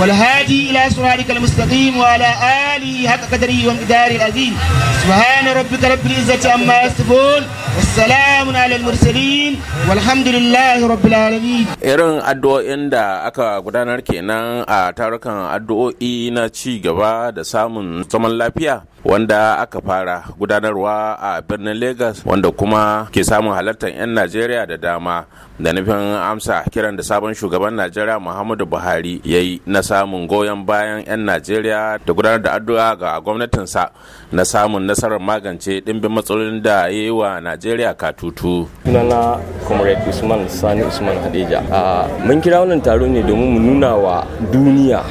والهادي إلى صراطك المستقيم وعلى آله حق قدره ومقداره العظيم سبحان ربك رب العزة عما يصفون والسلام على المرسلين والحمد لله رب العالمين irin addu'o'in إندا أكا gudanar kenan a tarukan addu'o'i na ci gaba da samun zaman wanda aka fara gudanarwa a birnin lagos wanda kuma ke samun halartar 'yan Najeriya da dama da nufin amsa kiran da sabon shugaban Najeriya Muhammadu Buhari ya yi na samun goyon bayan 'yan najeriya da gudanar da addu'a ga gwamnatinsa na samun nasarar magance ɗimbin matsalolin da ya yi wa najeriya ka katutu sunana comrade usman sani usman hadeja ah, mun kira wannan taro ne domin mu nuna wa duniya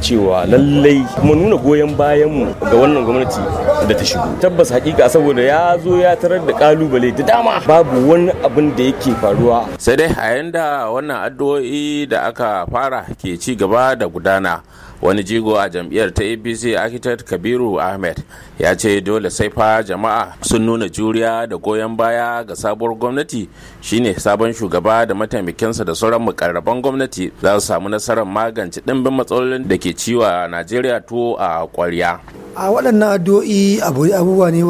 cewa lallai kuma nuna goyon bayanmu ga wannan gwamnati da ta shigo tabbas hakika saboda ya zo ya tarar da kalubale da dama babu wani abin da yake faruwa sai dai a yanda wannan addu'o'i da aka fara ke ci gaba da gudana wani jigo a jam'iyyar ta apc architect kabiru ahmed ya ce dole sai fa jama'a sun nuna juriya da goyon baya ga sabuwar gwamnati shine sabon shugaba da mataimakinsa da sauran mukarraban gwamnati za su samu nasarar magance dimbin matsalolin da ke ciwa najeriya tuwo a kwarya a waɗannan addu'o'i abubuwa ne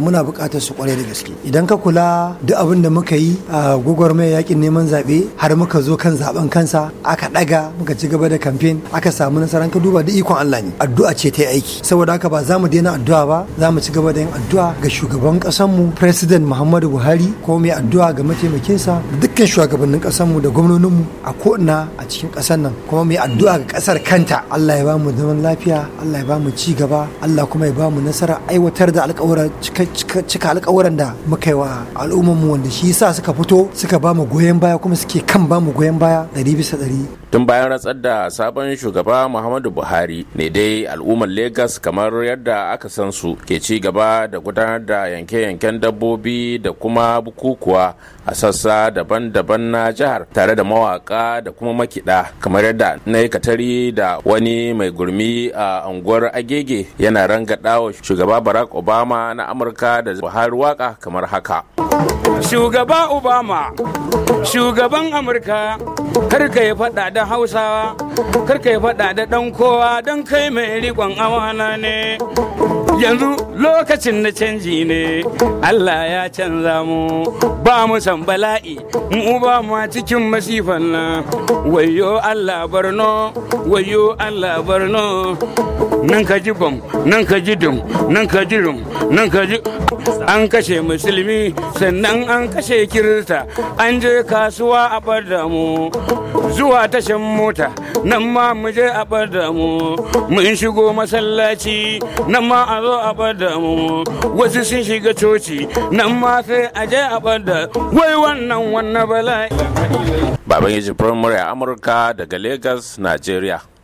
muna buƙatar su kwarai da gaske idan ka kula duk abin da muka yi a mai yakin neman zaɓe har muka zo kan zaɓen kansa aka ɗaga muka ci gaba da kamfen aka samu nasarar ka duba da ikon Allah ne addu'a ce ta aiki saboda haka ba za mu daina addu'a ba za mu ci gaba da yin addu'a ga shugaban mu president Muhammadu Buhari ko mai addu'a ga mataimakinsa dukkan shugabannin mu da mu a ko ko'ina a cikin ƙasar nan kuma mai addu'a ga ƙasar kanta Allah ya ba mu zaman lafiya Allah ya ba mu ci gaba Allah kuma ya ba mu nasara aiwatar da alƙawuran cika alƙawuran da muka yi wa al'ummar mu wanda shi yasa suka fito suka ba mu goyon baya kuma suke kan ba mu goyon baya ɗari bisa ɗari. Tun bayan ratsar da sabon shugaba Muhammadu Buhari ne dai al'ummar Legas kamar yadda aka san su ke ci gaba da gudanar da yanke-yanken dabbobi da kuma bukukuwa a sassa daban-daban na jihar tare da mawaka da kuma makida kamar yadda na katari da wani mai gurmi a unguwar Agege yana yana wa shugaba barack obama na amurka da buhari waka kamar haka shugaba obama shugaban amurka karka ya faɗa da hausawa karka ya faɗa da ɗan kowa don kai mai riƙon awana ne yanzu lokacin na canji ne Allah ya canza mu ba mu san bala'i mu ba mu cikin masifan nan wayo Allah barno wayo Allah barno nan ka ji bam nan ka ji dum nan ka ji rum nan ka ji an kashe musulmi sannan an kashe kirista an je kasuwa a mu zuwa tashin mota nan ma mu je a bada mu mun shigo masallaci nan ma a zo a bada mu wasu sun shiga coci nan ma sai a je a bada wai wannan wannan bala'i baban yaji a amurka daga lagos nigeria